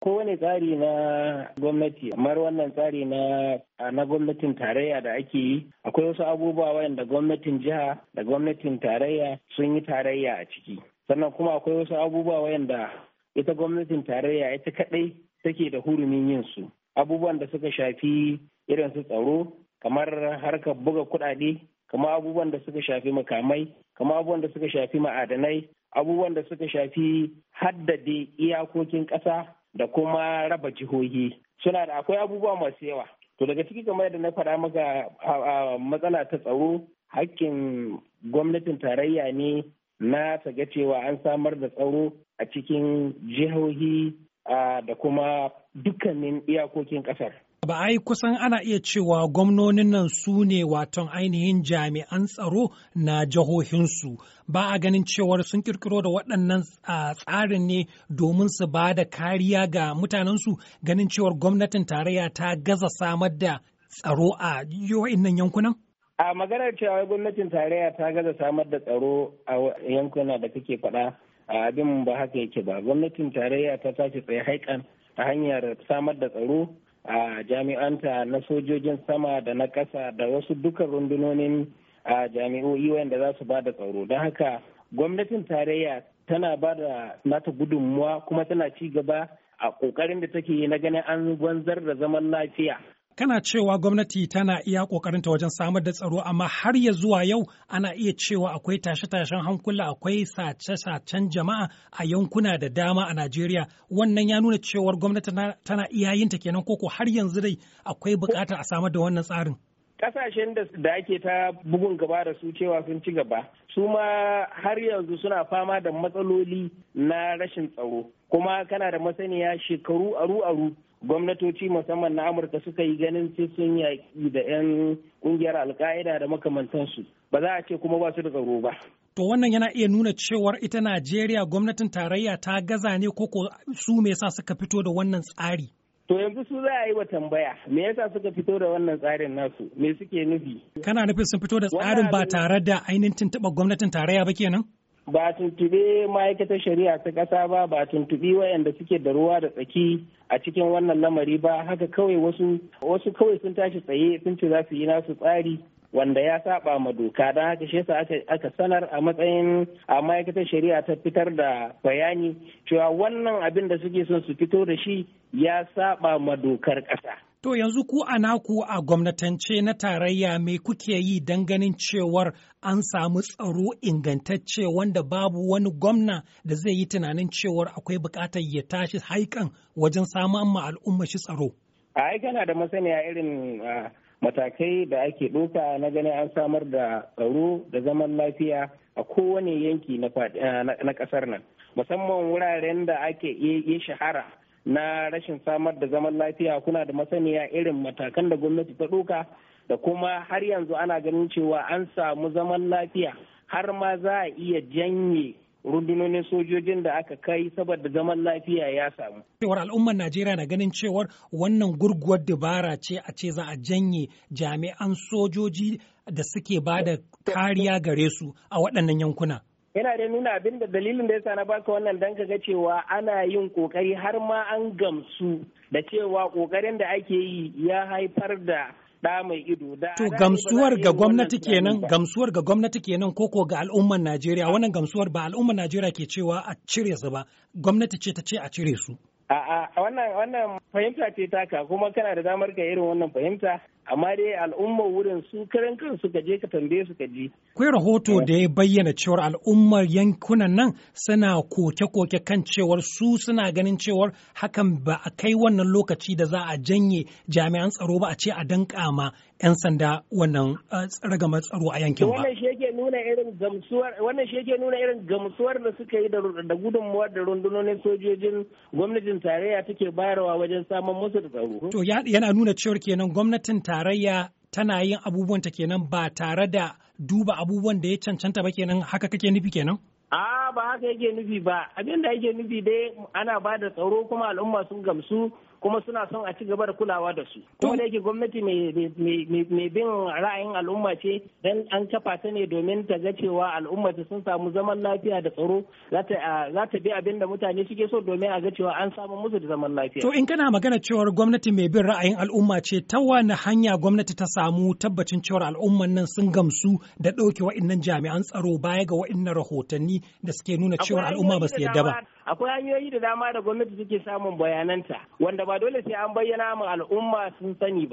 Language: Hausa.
kowane tsari na gwamnati kamar wannan tsari na na gwamnatin tarayya da ake yi akwai wasu abubuwa wayanda gwamnatin jiha da gwamnatin tarayya sun yi tarayya a ciki sannan kuma akwai wasu abubuwa wayanda ita gwamnatin tarayya ita kadai take da hurumin yin su abubuwan da suka shafi irin su tsaro kamar harkar buga kuɗaɗe kama abubuwan da suka shafi makamai kama abubuwan da suka shafi ma'adanai abubuwan da suka shafi haddade iyakokin ƙasa da kuma raba jihohi suna da akwai abubuwa masu yawa to daga ciki kamar da na faɗa maka matsala ta tsaro hakkin gwamnatin tarayya ne na ga cewa an samar da tsaro a cikin jihohi da kuma dukkanin iyakokin ƙasar ba a yi kusan ana iya cewa gwamnonin nan su ne waton ainihin jami'an tsaro na jihohinsu ba a ganin cewa sun kirkiro da waɗannan tsarin ne domin su ba da kariya ga mutanensu ganin cewar gwamnatin tarayya ta gaza samar da tsaro a nan yankunan? a maganar cewa gwamnatin tarayya ta gaza samar da tsaro a yankuna da kake faɗa abin ba haka yake ba gwamnatin tarayya ta tashi tsaye haikan ta hanyar samar da tsaro a jami'anta na sojojin sama da na ƙasa da wasu duka rundunonin a jami'o'i wanda za su ba da tsaro don haka gwamnatin tarayya tana ba da nata gudunmuwa kuma tana ci gaba a ƙoƙarin da take yi na ganin an gwanzar da zaman lafiya kana cewa gwamnati tana iya kokarinta wajen samar da tsaro amma har ya zuwa yau ana iya cewa akwai tashe-tashen hankula akwai sace-sacen jama'a a yankuna da dama a Najeriya wannan ya nuna cewar gwamnati tana iya yinta kenan koko har yanzu dai akwai bukata a samar da wannan tsarin. Kasashen da ake ta bugun gaba da su cewa sun ci gaba su ma har yanzu suna fama da matsaloli na rashin tsaro. kuma kana da masaniya shekaru aru aru gwamnatoci musamman na amurka suka yi ganin sai sun yaƙi da 'yan kungiyar alka'ida da makamantansu ba za a ce kuma ba su da tsaro ba to wannan yana iya nuna cewar ita najeriya gwamnatin tarayya ta gaza ne ko su me yasa suka fito da wannan tsari To yanzu su za a yi wa tambaya, me yasa suka fito da wannan tsarin nasu, me suke nufi? Kana nufin sun fito da tsarin ba tare da ainihin tuntuɓa gwamnatin tarayya ba kenan? ba tuntube ma'aikatar shari'a ta ƙasa ba ba tuntubi wayanda suke da ruwa da tsaki a cikin wannan lamari ba haka kawai wasu wasu kawai sun tashi tsaye sun ce za su yi nasu tsari wanda ya saba ma doka don haka shi yasa aka sanar a matsayin a ma'aikatar shari'a ta fitar da bayani cewa wannan abin da suke son su fito da shi ya saba ma dokar ƙasa To yanzu ku a naku a gwamnatance na tarayya mai kuke yi don ganin cewar an samu tsaro ingantacce wanda babu wani gwamna da zai yi tunanin cewar akwai bukatar ya tashi haikan wajen samun ma al'umma shi tsaro. A gana da masaniya irin matakai da ake ɗoka na ganin an samar da tsaro da zaman lafiya a kowane yanki na ƙasar nan musamman wuraren da ake yi shahara na rashin samar da zaman lafiya kuna da masaniya irin matakan da gwamnati ta ɗauka da kuma har yanzu ana ganin cewa an samu zaman lafiya har ma za a iya janye rundunonin sojojin da aka kai saboda zaman lafiya ya samu. Cewar al'ummar Najeriya na ganin cewar wannan gurguwar dabara ce a ce za a janye jami'an sojoji da suke ba da kariya gare su a waɗannan yankuna. yana da nuna abin da dalilin da yasa na baka wannan dan ga cewa ana yin kokari har ma an gamsu da cewa kokarin da ake yi ya haifar da da mai ido da to gamsuwar ga gwamnati kenan gamsuwar ga gwamnati kenan koko ga al'ummar Najeriya wannan gamsuwar ba al'ummar Najeriya ke cewa a cire su ba gwamnati ce ta ce a cire su A'a wannan wannan fahimta ce taka kuma kana da damar ka irin wannan fahimta amma dai al'ummar wurin su karan kansu ka je ka tambaye su ka ji. Akwai rahoto da ya bayyana cewar al'ummar yankunan nan suna koke-koke kan cewar su suna ganin cewar hakan ba a kai wannan lokaci da za a janye jami'an tsaro ba a ce a danka ma 'yan sanda wannan eh, ragama tsaro a yankin ba. Wannan shi yake nuna irin gamsuwar da suka yi da gudunmuwar da rundunonin sojojin gwamnatin tarayya take bayarwa wajen samun musu da tsaro. To yana nuna cewar kenan gwamnatin tarayya tana yin abubuwan ta kenan ba tare da duba abubuwan da ya cancanta ba kenan haka kake nufi kenan? A ba haka yake nufi ba abin da yake nufi dai ana ba da tsaro kuma al'umma sun gamsu kuma suna son a ci gaba da kulawa da su kuma da yake gwamnati mai bin ra'ayin al'umma ce dan an kafa ta ne domin ta ga cewa al'umma ta sun samu zaman lafiya da tsaro za ta bi abin da mutane suke so domin a ga cewa an samu musu da zaman lafiya to in kana magana cewar gwamnati mai bin ra'ayin al'umma ce ta wani hanya gwamnati ta samu tabbacin cewa al'umman nan sun gamsu da ɗauke wa'innan jami'an tsaro baya ga wa'innan rahotanni da suke nuna cewa al'umma ba su yadda ba akwai hanyoyi da dama da gwamnati take samun bayananta wanda ba dole sai an bayyana ma al'umma sun sani ba